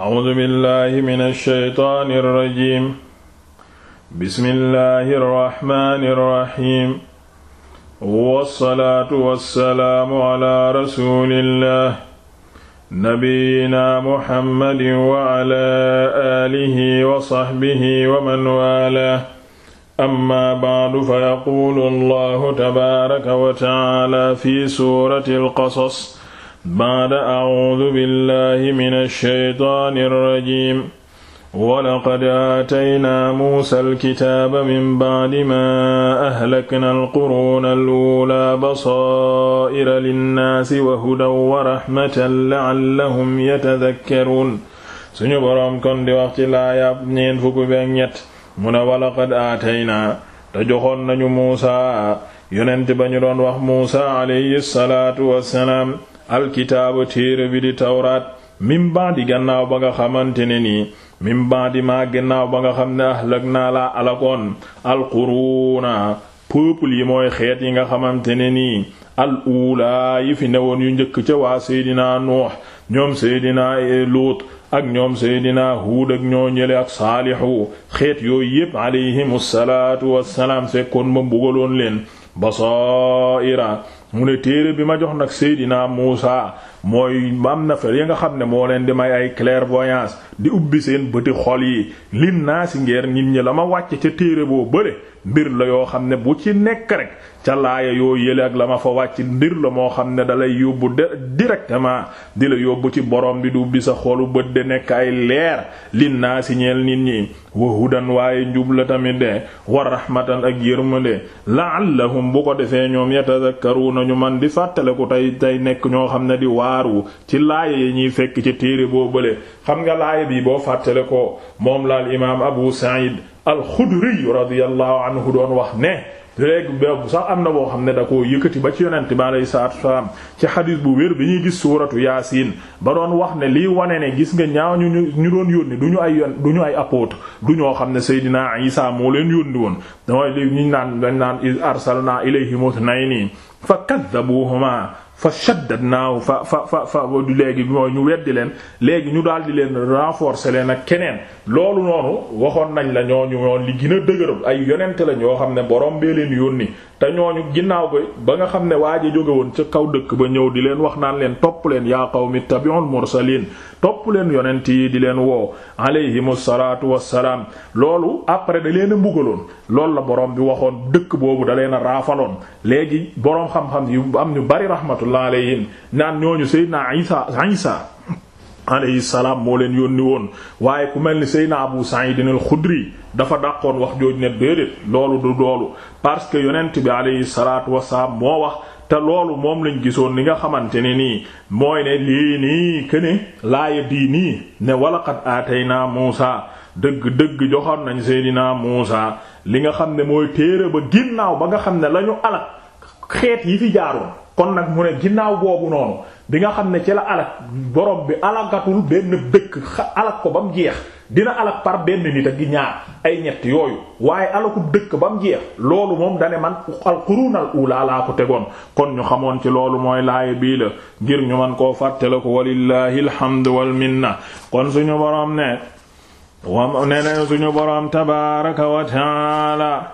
A'uuzu billaahi mina shaytaani rajiim bismillaahi rahmaani rahiim wassalaatu wassalaamu alaa rasuulillaah nabiyyinaa Muhammadin wa alaa aalihi wa sahbihi wa man waalaah amma ba'du fa yaquulu Allaahu tabaaraka wa ta'aalaa fi suuratil qasas baada acuudu billahi min alsheytaani alrajim walaqad aataynaa muusa alkitaaba min bacdi maa ahlakna alquruuna aluulaa basaa'ira linnaasi wa hudan wa raxmatan lacallahum yatadakkaruun suñu boroom kon di wax ci laayaab ñeen fukki beek ñett mu ne walaqad aataynaa te joxoon nañu muusaa yonent ba ñu doon wax muusaa alayhi salaatu wassalaam alkitaabu téere bi di tawraat min baadi gannaaw ba nga xamante ne nii min baadi maa gannaaw ba nga xam ne ahlak naa laa alakoon alquruuna peuple yi mooy xeet yi nga xamante ne nii yi fi newoon yu njëkk ca waa seydinaa nuux ñoom seydinaa luut ak ñoom seydinaa huud ak ñoo ñële ak saalixu xeet yooyu yépp alayhimu salaatu wassalaam fekkoon ma mbugaloon leen basaa'ira mu ne téere bi ma jox nag Seydina Muusa mooy am na fa yi nga xam ne moo leen di may ay clairvoyance di ubbi seen bëti xol yi lin naa si ngeer nit ñi la ma wàcc ca téere boo bële mbir la yoo xam ne bu ci nekk rek ca laaya yoo yële ak la ma fa wàcc mbir la moo xam ne dalay yóbbu de directement di la yóbbu ci borom bi du ubbi sa xolu bët de nekk ay leer lin naa si ñeel nit ñi wa hudan waaye njub la tamit de wa rahmatan ak yërmande la'allahum bu ko defee ñoom yatadakkaruna ñu man di maaru ci laaya yi ñuy fekk ci téere boo bële xam nga laaya bi boo fàttale ko moom la al imaam Abu Sa'id al-Xudri radiyallahu doon wax ne léegi boobu sax am na boo xam ne da koo yëkkati ba ci yonent bi alayhi salaatu wasalaam ci xadiis bu wér bi ñuy gis suuratu yaasiin ba doon wax ne lii wane ne gis nga ñaaw ñu ñu doon yónni du ñu ay yon du ay apôtre du ñoo xam ne Seydina Isaa moo leen yónni woon damay li ñu naan naan iz arsalnaa ilayhim ithnayni fa kaddabuhuma fa shaddadnaahu fa fa fa fa léegi mooy ñu weddi leen léegi ñu daal di leen renforcer leen ak keneen loolu noonu waxoon nañ la ñooñu ñoon li gën a dëgëral ay yonente lañ ñoo xam ne boroom bee leen yónni te ñoo ñu ginnaaw ba ba nga xam ne waaja jóge woon ca kaw dëkk ba ñëw di leen wax naan leen topp leen yaa qawmi tabi'ul mursaliin topp leen yonent yi di leen woo alayhimu salaatu wassalaam loolu après da leen a mbugaloon loolu la boroom bi waxoon dëkk boobu da leen a raafaloon xam-xam yu am ñu bari rahmatullah alayhim naan ñooñu Seydina Isa Isa alayhi salaam moo leen yónni woon waaye ku mel ni Seydina Abu Sa'id al-Khudri dafa dàqoon wax jooju ne déedéet loolu du loolu parce que yonent bi alayhi salaatu wasalaam moo wax te loolu moom lañ gisoon li nga xamante ne nii mooy ne lii nii këne laaya dii nii ne walaqad aataynaa Muusa dëgg-dëgg joxoon nañ Seydina Muusa li nga xam ne mooy téere ba ginnaaw ba nga xam ne lañu alak xeet yi fi jaaroon kon nag mu ne ginnaaw boobu noonu bi nga xam ne ci la alak borom bi alakatul benn dëkk alak ko ba mu jeex dina alak par benn nit ak ñaar ay ñett yooyu waaye alakub dëkk ba mu jeex loolu moom dane man al qurunal ula laa ko tegoon kon ñu xamoon ci loolu mooy laaya bii la ngir ñu man koo fàttale ko walillahi alhamdu wal minna kon suñu borom ne wa ne suñu borom tabaraka wa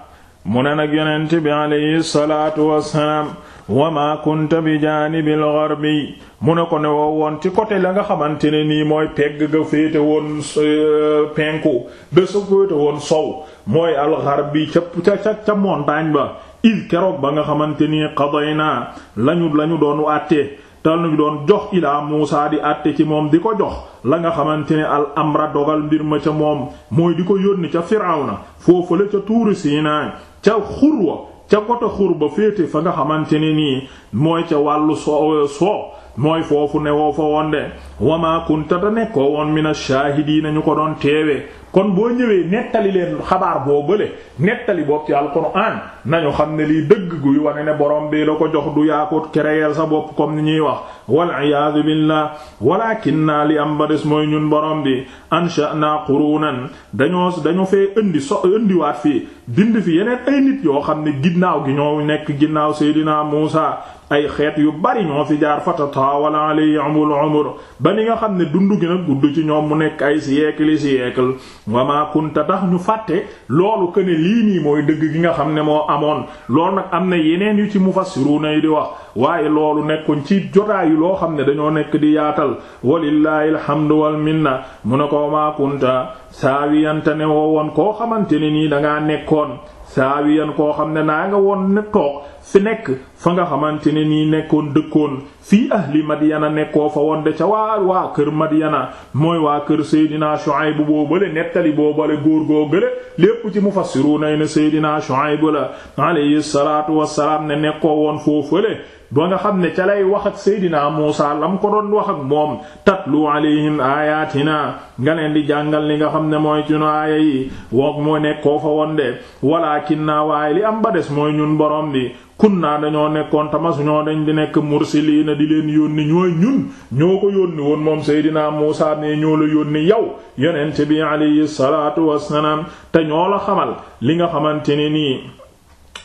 mu ne nag yonent bi alayhi salaatu wassalaam wa maa kunta bi jaanibil gharbi mu ne ko ne woo woon ci côté la nga xamante ne nii mooy pegg ga féete woon euh, penku de sa féete woon sow mooy alxarbi ca ca ca montagne ba il keroog ba nga xamante ni qadaynaa lañu lañu doon àtte tal ñu doon jox ilaa Muusaa di àtte ci moom di ko jox la nga xamante ne al amra dogal mbir ma ca moom mooy di ko yónni ca Firawna foofu la ca Tuuri Siinaa ca xurwa ca côté xurba féete fa nga xamante ne nii mooy ca wàllu soo soow mooy foofu ne woo fa woon de wama kunta ta nekkoo woon mina shaahidiina ñu ko doon teewee kon boo ñëwee nettali leen xabaar boo bële nettali bopp ci alxuraan nañu xam ne lii dëgg guy wane ne borom bii la ko jox du yaakut kereyeel sa bopp comme ni ñuy wax wal iyaadu billah walaakinnaa li am ba mooy ñun borom bi ansha'naa quruunan dañoo dañu fee indi so indiwaat fii bind fi yeneen ay yoo xam ne ginnaaw gi ñoo nekk ginnaaw seydinaa Muusaa ay xeet yu bari ñoo fi jaar fatataawala alayhi umul umur ba li nga xam ne dund gi nag gudd ci ñoom mu nekk ay siècle siècle wama kunta tax ñu fàtte loolu que ne lii nii mooy dëgg gi nga xam ne moo amoon loolu nag am na yeneen yu ci mufassiruna yi di wax waaye loolu nekkuñ ci jotaay yu loo xam ne dañoo nekk di yaatal walillahi alhamdu wal minna mu ne ko wama kunta saawiyanta ne woo woon koo xamante ne nii dangaa nekkoon saawiyan koo xam ne naa nga woon ne toog si nekk fa nga xamante ne nii nekkoon dëkkoon fii ahli madyana nekkoo fa woon de ca waa waa kër madyana mooy waa kër Seydina Shuayb boobale nettali boobale góor goo gële lépp ci mufassiruna yi ne Seydina Shuayb la alayhi salaatu wassalaam ne nekkoo woon foofale ba nga xam ne ca lay wax ak Seydina Muusa lam ko doon wax ak moom tatlu alayhim ayatina nga leen di jàngal li nga xam ne mooy cunu aaya yi woog moo nekkoo fa woon wa walaakin naa waaye am ba des ñun borom bi naa dañoo nekkoon tamas ñoo dañ di nekk mursiliina di leen yónni ñooy ñun ñoo ko yónni woon moom Seydina Muusaa ne ñoo la yónni yow yonent bi alayhi salaatu wassalaam te ñoo la xamal li nga xamante ne nii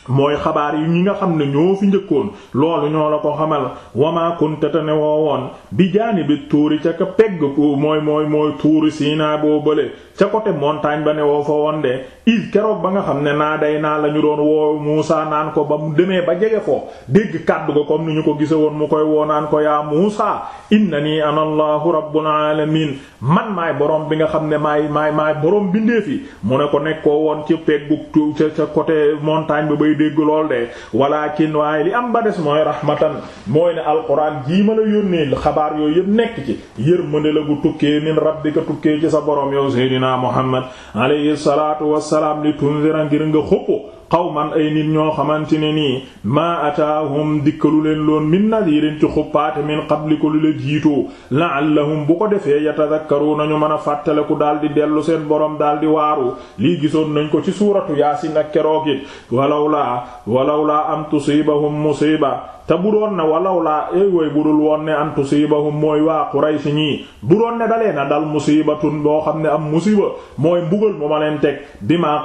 mooy xabaar yi ñu nga xam ne ñoo fi njëkkoon loolu ñoo la ko xamal wama kunta te ne woo woon bi jaani bi tuuri ca ka pegg mooy mooy mooy tuuri Sinaa boo bële ca côté montagne ba ne woo fa woon de il keroog ba nga xam ne naa day naa la ñu doon woo Muusa naan ko ba mu demee ba jege foo dégg kàddu ko comme ni ñu ko gise woon mu koy woo naan ko yaa Muusa na ana Allahu rabbul alamin man maay borom bi nga xam ne maay maay maay borom bindee fi mu ne ko nekkoo woon ca ca côté montagne ba ngay dégg lool de walakin waaye li am ba des mooy rahmatan mooy ne alquran jii ma la yónnee xabaar yooyu yëpp nekk ci yërmande la gu tukkee nin min rabbika tukkee ci sa borom yow seydinaa muhammad alayhi salaatu wassalaam li tunzira ngir nga xuppo qawman ay nit ñoo xamante ne nii maa ataahum dikkalu leen loon min nadirin ci xuppaate min ko lu la jiitu la'allahum bu ko defee yatadakkaruna ñu mën a fàttaleku daal di dellu seen borom daal di waaru lii gisoon nañ ko ci suuratu yaasin ak keroog it walawlaa walawlaa am tusibahum musiba te bu doon na walawlaa ay way bu dul woon ne an tusibahum mooy waa Quraysh ñii bu doon ne dalee na dal musibatun boo xam ne am musiba mooy mbugal mu ma leen teg bima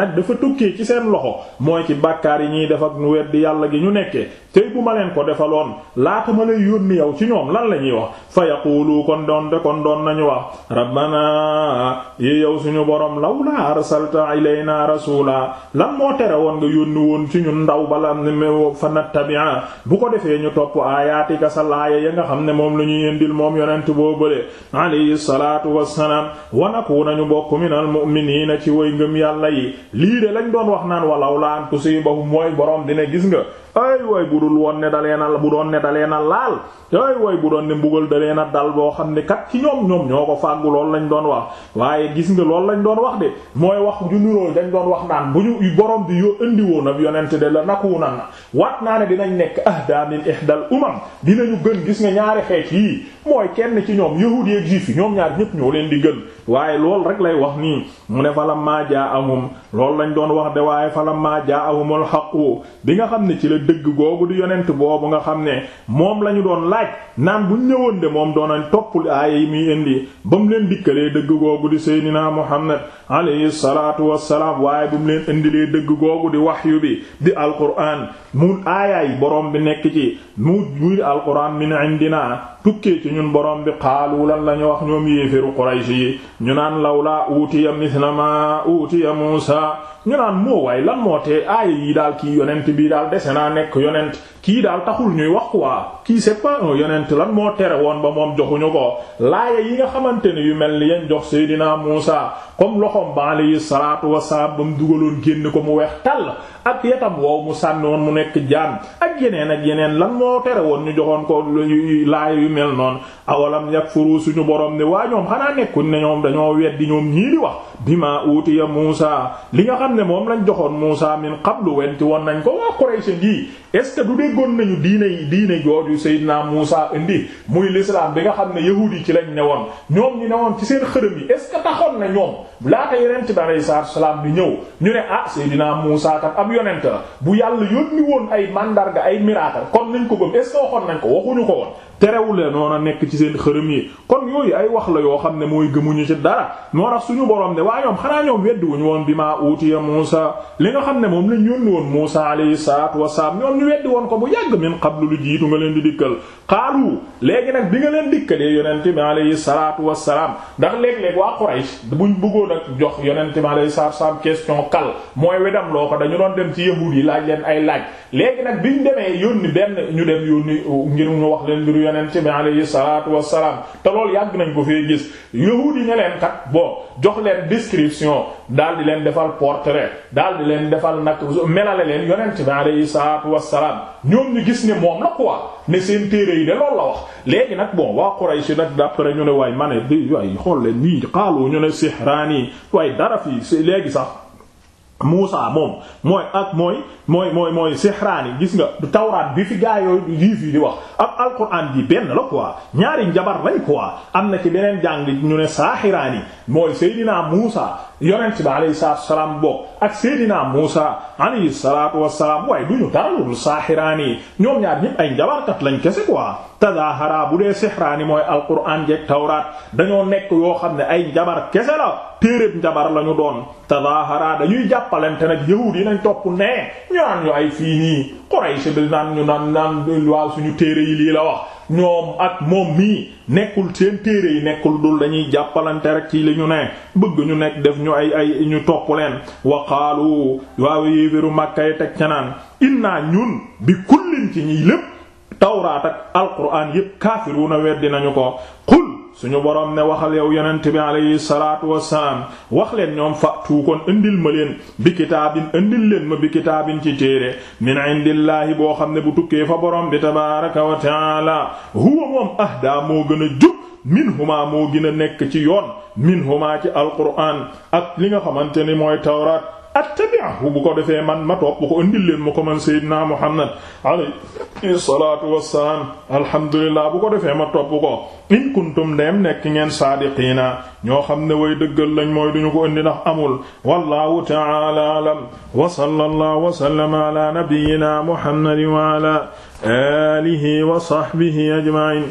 nag dafa tukkee ci seen loxo mooy ci bàkkaar yi ñuy def ak nu weddi yàlla gi ñu nekkee tey bu ma leen ko defaloon laata ma lay yónni yow ci ñoom lan la ñuy wax fa yaqulu kon doon te kon doon nañu wax rabbana yi yow suñu boroom borom lawla arsalta ilayna rasula lan moo tere woon nga yónni woon ci ñun ndaw bala ne fa nattabi'a bu ko defee ñu topp ayatika sa laaya ya nga xam ne moom la ñuy yëndil moom yonent boo bële alayhi salaatu wassalaam wa nakuna ñu bokk minal ci way ngëm yàlla yi lii de lañ doon wax naan walaw laan tusibahum mooy boroom dina gis nga ay way bu dul woon ne dalee na bu doon ne dalee na laal ay way bu doon ne mbugal dalee na dal boo xam ne kat ci ñoom ñoom ñoo ko fàggu loolu lañ doon wax waaye gis nga loolu lañ doon wax de mooy wax ju nirool dañ doon wax naan bu ñu borom bi yoo indi woon ak yonent de la naku nan na waat naa ne dinañ nekk ahda min ihdal umam dinañu gën gis nga ñaari xeet yii mooy kenn ci ñoom yahuud yi ak juif yi ñoom ñaar ñépp ñoo leen di gën waaye lool rek lay wax nii mu ne falamma jaahum loolu lañ doon wax de waaye falamma jaahumul haqq bi nga xam dëgg googu di yonent boobu nga xam ne moom la ñu doon laaj naan bu ñëwoon de moom doon nañ topp aaya yi muy indi ba mu leen dikkalee dëgg googu di seydinaa Muhammad alayhi salaatu wassalaam waaye bu mu leen indilee dëgg googu di waxyu bi di alquraan mu aayaay borom bi nekk ci mu buy alquraan min indina tukkee ci ñun borom bi xaalu lan la ñu wax ñoom yéeféru Quraysh yi ñu naan lawlaa utiya mithla ma utiya Muusa ñu naan moo waay lan moo tee aaya yi daal kii yonent bii daal dese naa nekk yonent kii daal taxul ñuy wax ku quoi kii c'est pas yonent lan moo tere woon ba moom joxuñu ko laaya yi nga xamante ne yu mel ni yeen jox Seydina Muusa comme loxoom ba alayhi salaatu wasalaam ba mu dugaloon génn ko mu weex tàll ak yetam wow mu sànni woon mu nekk jaan ak yeneen ak yeneen lan moo tere woon ñu joxoon ko laay yu mel noon awalam yakfuru suñu borom ne waa ñoom xanaa nekkuñ ne ñoom dañoo weddi ñoom ñii di wax ma bima utiya Muusa li nga xam ne moom lañ joxoon Muusa min qablu wenti woon nañ ko waa Quraysh gi est-ce que du déggoon nañu diine diine jooju Seydina Muusa indi muy l'islam bi nga xam ne yahuudi ci lañ newoon ñoom ñi newoon ci seen xërëm yi est-ce que taxoon na ñoom laata yonent bi alayhi saa salaam bi ñëw ñu ne ah Seydina Muusaa tam ab yonent la bu yàlla yónni woon ay mandarga ay miracle kon nañ ko gëm est ce que nañ ko waxuñu ko woon terewule noona nekk ci seen xërëm yi kon yooyu ay wax la yoo xam ne mooy gëmuñu ci dara moo tax suñu boroom ne waa ñoom xanaa ñoom wuñu woon bi ma maa utiya Muusa li nga xam ne moom lañ yónni woon Muusa alayhi salaatu wasalaam ñoom ñu weddi woon ko bu yàgg min leen di dikkal xaalu léegi nag bi nga leen dikkalee yonent bi alayhi salaatu salaam ndax léeg-léeg waa Quraysh buñ bëggoon ak jox yonent bi alayhi salaatu wasalaam question kal mooy wedam loo ko dañu doon dem ci yahuud yi laaj leen ay laaj léegi nag biñ ñu dem yónni ngir ñu wax yonent bi alayhi salaatu wassalaam te lool yàgg nañ ko fee gis yahuud yi ne leen jox leen description daal di leen defal portrait daal di leen defal nag melale leen yonent bi alayhi salaatu wassalaam ñoom ñu gis ne moom la quoi ne seen téere yi de loolu la wax léegi nag bon waa Quraysh nag d'après ñu ne waay ma ne di waay xool leen nii xaaloo ñu ne sihraani waay dara fii léegi sax Muusa moom mooy ak mooy mooy mooy mooy Sihraani gis nga du tawraat bi fi gaa yooyu juif yi di wax ak alquran ji benn la quoi ñaari njabar lañ quoi am na ci beneen jàng ñu ne Sahiraani mooy Seydina Muusa yonent bi alayhi salaatu wasalaam bokk ak Seydina Muusa alayhi salaatu wasalaam waaye du ñu dara lu saaxiraani ñoom ñaar ñëpp ay njabarkat lañ kese quoi tadaahara bu dee sixraani mooy alquraan jeeg tawraat dañoo nekk yoo xam ne ay njabar kese la téeréb njabar lañu ñu doon tadaahara dañuy jàppalante nag yahuud yi nañ topp nee ñu ñu ay fii Quraysh bi naan ñu naan naan waaw suñu téere yi lii la wax ñoom ak moom mii nekkul seen téere yi nekkul dul dañuy jàppalante rek ci li ñu ne bëgg ñu nekk def ñu ay ay ñu topp leen waqaalu waaw yéeféru Makka yi teg ca naan inna ñun bi kullin ci ñi lépp tawraat ak alquran yépp kaafiruuna weddi nañu ko qul suñu boroom ne waxal yow yonent bi alayhi salaatu wassalaam wax leen ñoom fàttu kon indil ma leen bi kitaabin indil leen ma bi kitaabin ci téere min indillaahi boo xam ne bu tukkee fa boroom bi tabaaraka wa taala huwa moom ahdaa moo gën a jub minhuma moo gën a nekk ci yoon minhuma ci alquraan ak li nga xamante ni mooy tawraat attabi'ahu bu ko defee man ma topp ko andil leen ma ko man Seydina Muhammad alayhi salaatu wassalaam alhamdulillah bu ko defee ma topp ko in kuntum dem nekk ngeen saadiqiina ñoo xam ne way dëggal lañ mooy duñu ko indi ndax amul wallahu ta'ala a'lam wa sallallahu wa sallama ala nabiyyina Muhammadin wa ala alihi wa sahbihi ajma'in